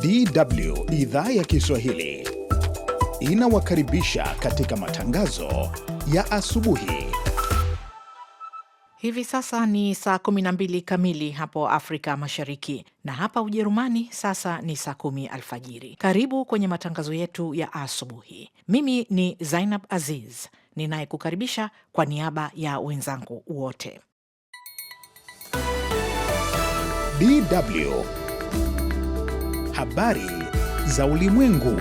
DW idhaa ya Kiswahili inawakaribisha katika matangazo ya asubuhi. Hivi sasa ni saa 12 kamili hapo Afrika Mashariki na hapa Ujerumani sasa ni saa kumi alfajiri. Karibu kwenye matangazo yetu ya asubuhi. Mimi ni Zainab Aziz ninayekukaribisha kwa niaba ya wenzangu wote. DW Habari za Ulimwengu.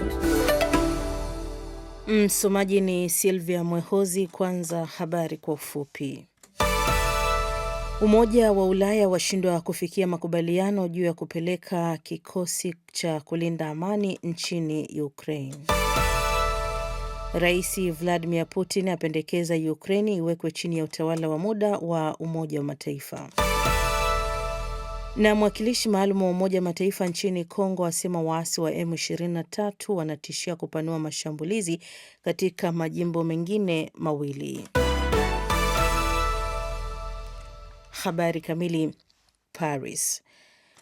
Msomaji ni Silvia Mwehozi. Kwanza habari kwa ufupi. Umoja wa Ulaya washindwa kufikia makubaliano juu ya kupeleka kikosi cha kulinda amani nchini Ukraine. Rais Vladimir Putin apendekeza Ukraini iwekwe chini ya utawala wa muda wa Umoja wa Mataifa. Na mwakilishi maalum wa Umoja Mataifa nchini Kongo asema waasi wa M23 wanatishia kupanua mashambulizi katika majimbo mengine mawili. Habari kamili. Paris.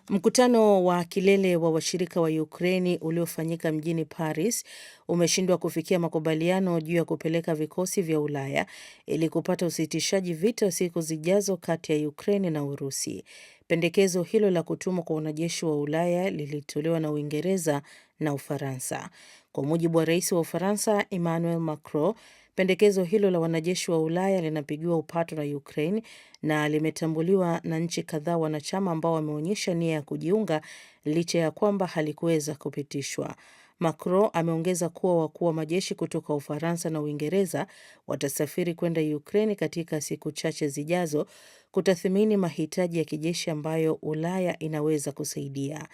Mkutano wa kilele wa washirika wa Ukraini uliofanyika mjini Paris umeshindwa kufikia makubaliano juu ya kupeleka vikosi vya Ulaya ili kupata usitishaji vita siku zijazo kati ya Ukraini na Urusi. Pendekezo hilo la kutumwa kwa wanajeshi wa Ulaya lilitolewa na Uingereza na Ufaransa. Kwa mujibu wa rais wa Ufaransa Emmanuel Macron, pendekezo hilo la wanajeshi wa Ulaya linapigiwa upato na Ukraine na limetambuliwa na nchi kadhaa wanachama ambao wameonyesha nia ya kujiunga licha ya kwamba halikuweza kupitishwa. Macron ameongeza kuwa wakuu wa majeshi kutoka Ufaransa na Uingereza watasafiri kwenda Ukraine katika siku chache zijazo kutathmini mahitaji ya kijeshi ambayo Ulaya inaweza kusaidia.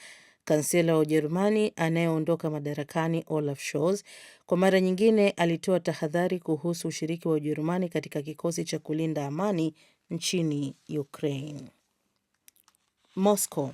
Kansela wa Ujerumani anayeondoka madarakani Olaf Scholz kwa mara nyingine alitoa tahadhari kuhusu ushiriki wa Ujerumani katika kikosi cha kulinda amani nchini Ukraine. Moscow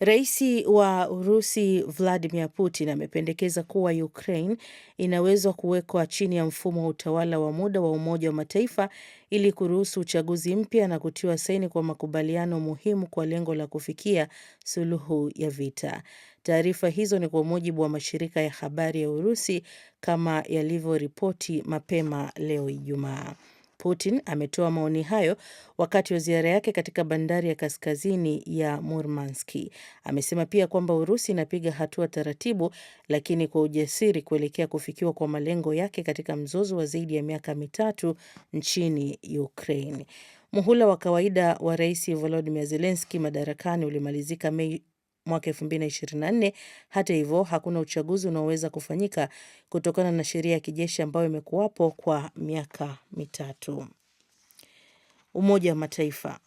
Rais wa Urusi Vladimir Putin amependekeza kuwa Ukraine inawezwa kuwekwa chini ya mfumo wa utawala wa muda wa Umoja wa Mataifa ili kuruhusu uchaguzi mpya na kutiwa saini kwa makubaliano muhimu kwa lengo la kufikia suluhu ya vita. Taarifa hizo ni kwa mujibu wa mashirika ya habari ya Urusi kama yalivyoripoti mapema leo Ijumaa. Putin ametoa maoni hayo wakati wa ziara yake katika bandari ya kaskazini ya Murmanski. Amesema pia kwamba Urusi inapiga hatua taratibu lakini kwa ujasiri kuelekea kufikiwa kwa malengo yake katika mzozo wa zaidi ya miaka mitatu nchini Ukraine. Muhula wa kawaida wa Rais volodimir zelenski madarakani ulimalizika Mei mwaka nne. Hata hivyo, hakuna uchaguzi unaoweza kufanyika kutokana na sheria ya kijeshi ambayo imekuwapo kwa miaka mitatu. Umoja wa Mataifa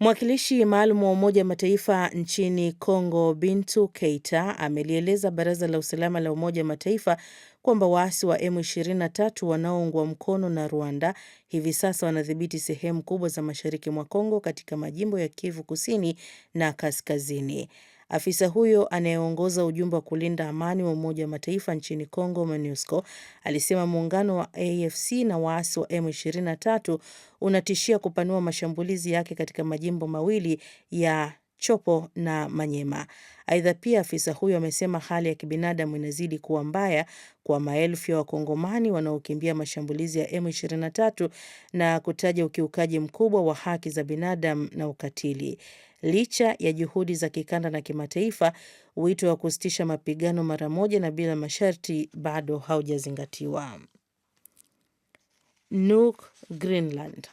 Mwakilishi maalum wa Umoja wa Mataifa nchini congo Bintu Keita amelieleza Baraza la Usalama la Umoja wa Mataifa kwamba waasi wa M23 wanaoungwa mkono na Rwanda hivi sasa wanadhibiti sehemu kubwa za mashariki mwa congo katika majimbo ya Kivu Kusini na Kaskazini. Afisa huyo anayeongoza ujumbe wa kulinda amani wa Umoja wa Mataifa nchini congo MONUSCO, alisema muungano wa AFC na waasi wa M23 unatishia kupanua mashambulizi yake katika majimbo mawili ya Chopo na Manyema. Aidha, pia afisa huyo amesema hali ya kibinadamu inazidi kuwa mbaya kwa maelfu ya Wakongomani wanaokimbia mashambulizi ya M23 na kutaja ukiukaji mkubwa wa haki za binadamu na ukatili licha ya juhudi za kikanda na kimataifa. Wito wa kusitisha mapigano mara moja na bila masharti bado haujazingatiwa. Nuuk Greenland.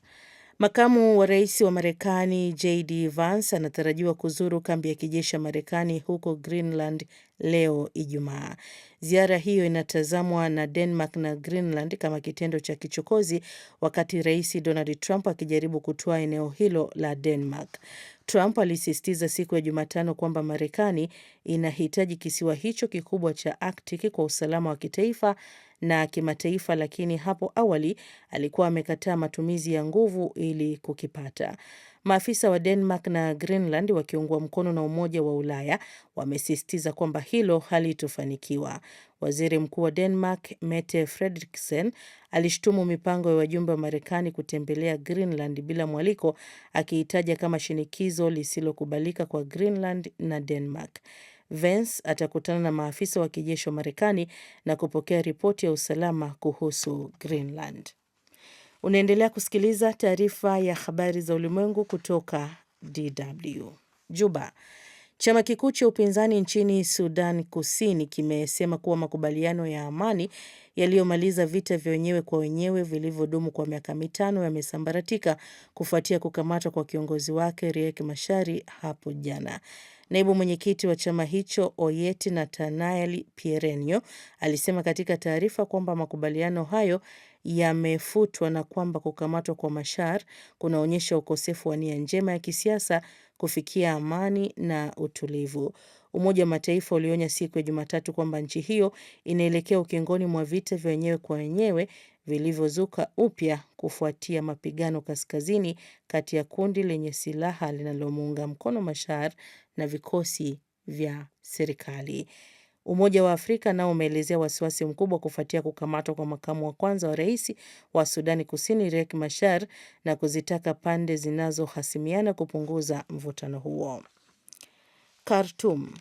Makamu wa rais wa Marekani JD Vance anatarajiwa kuzuru kambi ya kijeshi ya Marekani huko Greenland leo Ijumaa. Ziara hiyo inatazamwa na Denmark na Greenland kama kitendo cha kichokozi, wakati Rais Donald Trump akijaribu kutoa eneo hilo la Denmark. Trump alisisitiza siku ya Jumatano kwamba Marekani inahitaji kisiwa hicho kikubwa cha Arctic kwa usalama wa kitaifa na kimataifa, lakini hapo awali alikuwa amekataa matumizi ya nguvu ili kukipata. Maafisa wa Denmark na Greenland wakiungwa mkono na Umoja wa Ulaya wamesisitiza kwamba hilo halitofanikiwa. Waziri Mkuu wa Denmark Mette Frederiksen alishtumu mipango ya wajumbe wa Marekani kutembelea Greenland bila mwaliko, akiitaja kama shinikizo lisilokubalika kwa Greenland na Denmark. Vance atakutana na maafisa wa kijeshi wa Marekani na kupokea ripoti ya usalama kuhusu Greenland. Unaendelea kusikiliza taarifa ya habari za ulimwengu kutoka DW. Juba, Chama kikuu cha upinzani nchini Sudan Kusini kimesema kuwa makubaliano ya amani yaliyomaliza vita vya wenyewe kwa wenyewe vilivyodumu kwa miaka mitano yamesambaratika kufuatia kukamatwa kwa kiongozi wake Riek Machar hapo jana. Naibu mwenyekiti wa chama hicho Oyet natanael Pierenio alisema katika taarifa kwamba makubaliano hayo yamefutwa na kwamba kukamatwa kwa Machar kunaonyesha ukosefu wa nia njema ya kisiasa kufikia amani na utulivu. Umoja wa Mataifa ulionya siku ya Jumatatu kwamba nchi hiyo inaelekea ukingoni mwa vita vya wenyewe kwa wenyewe vilivyozuka upya kufuatia mapigano kaskazini kati ya kundi lenye silaha linalomuunga mkono mashar na vikosi vya serikali. Umoja wa Afrika nao umeelezea wasiwasi mkubwa kufuatia kukamatwa kwa makamu wa kwanza wa rais wa Sudani Kusini Riek Machar na kuzitaka pande zinazohasimiana kupunguza mvutano huo. Khartoum.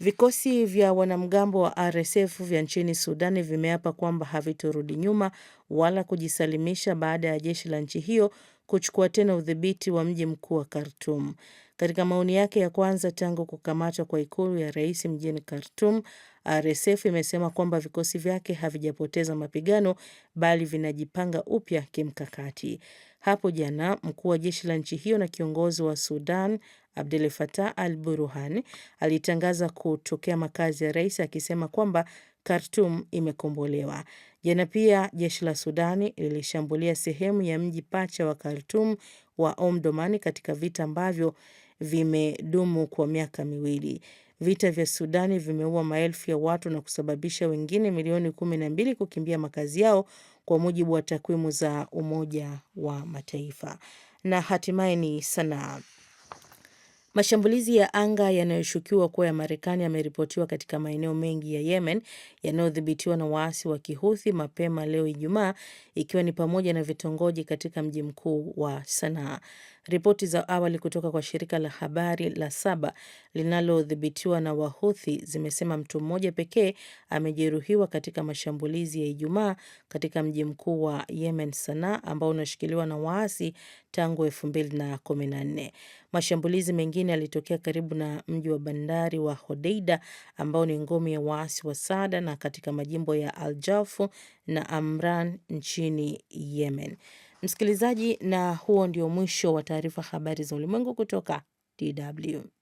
Vikosi vya wanamgambo wa RSF vya nchini Sudani vimeapa kwamba havitorudi nyuma wala kujisalimisha baada ya jeshi la nchi hiyo kuchukua tena udhibiti wa mji mkuu wa Khartoum. Katika maoni yake ya kwanza tangu kukamatwa kwa ikulu ya rais mjini Khartoum, RSF imesema kwamba vikosi vyake havijapoteza mapigano bali vinajipanga upya kimkakati. Hapo jana mkuu wa jeshi la nchi hiyo na kiongozi wa Sudan Abdel Fattah al Burhan alitangaza kutokea makazi ya rais akisema kwamba Khartoum imekombolewa. Jana pia jeshi la Sudani lilishambulia sehemu ya mji pacha wa Khartoum wa Omdurman katika vita ambavyo vimedumu kwa miaka miwili. Vita vya Sudani vimeua maelfu ya watu na kusababisha wengine milioni kumi na mbili kukimbia makazi yao kwa mujibu wa takwimu za Umoja wa Mataifa. Na hatimaye ni sanaa. Mashambulizi ya anga yanayoshukiwa kuwa ya Marekani yameripotiwa katika maeneo mengi ya Yemen yanayodhibitiwa na waasi wa Kihuthi mapema leo Ijumaa, ikiwa ni pamoja na vitongoji katika mji mkuu wa Sanaa. Ripoti za awali kutoka kwa shirika la habari la Saba linalodhibitiwa na Wahuthi zimesema mtu mmoja pekee amejeruhiwa katika mashambulizi ya Ijumaa katika mji mkuu wa Yemen, Sanaa, ambao unashikiliwa na waasi tangu nne. Mashambulizi mengine yalitokea karibu na mji wa bandari wa Hodeida ambao ni ngome ya waasi wa Sada na katika majimbo ya aljafu na Amran nchini Yemen. Msikilizaji, na huo ndio mwisho wa taarifa habari za ulimwengu kutoka DW.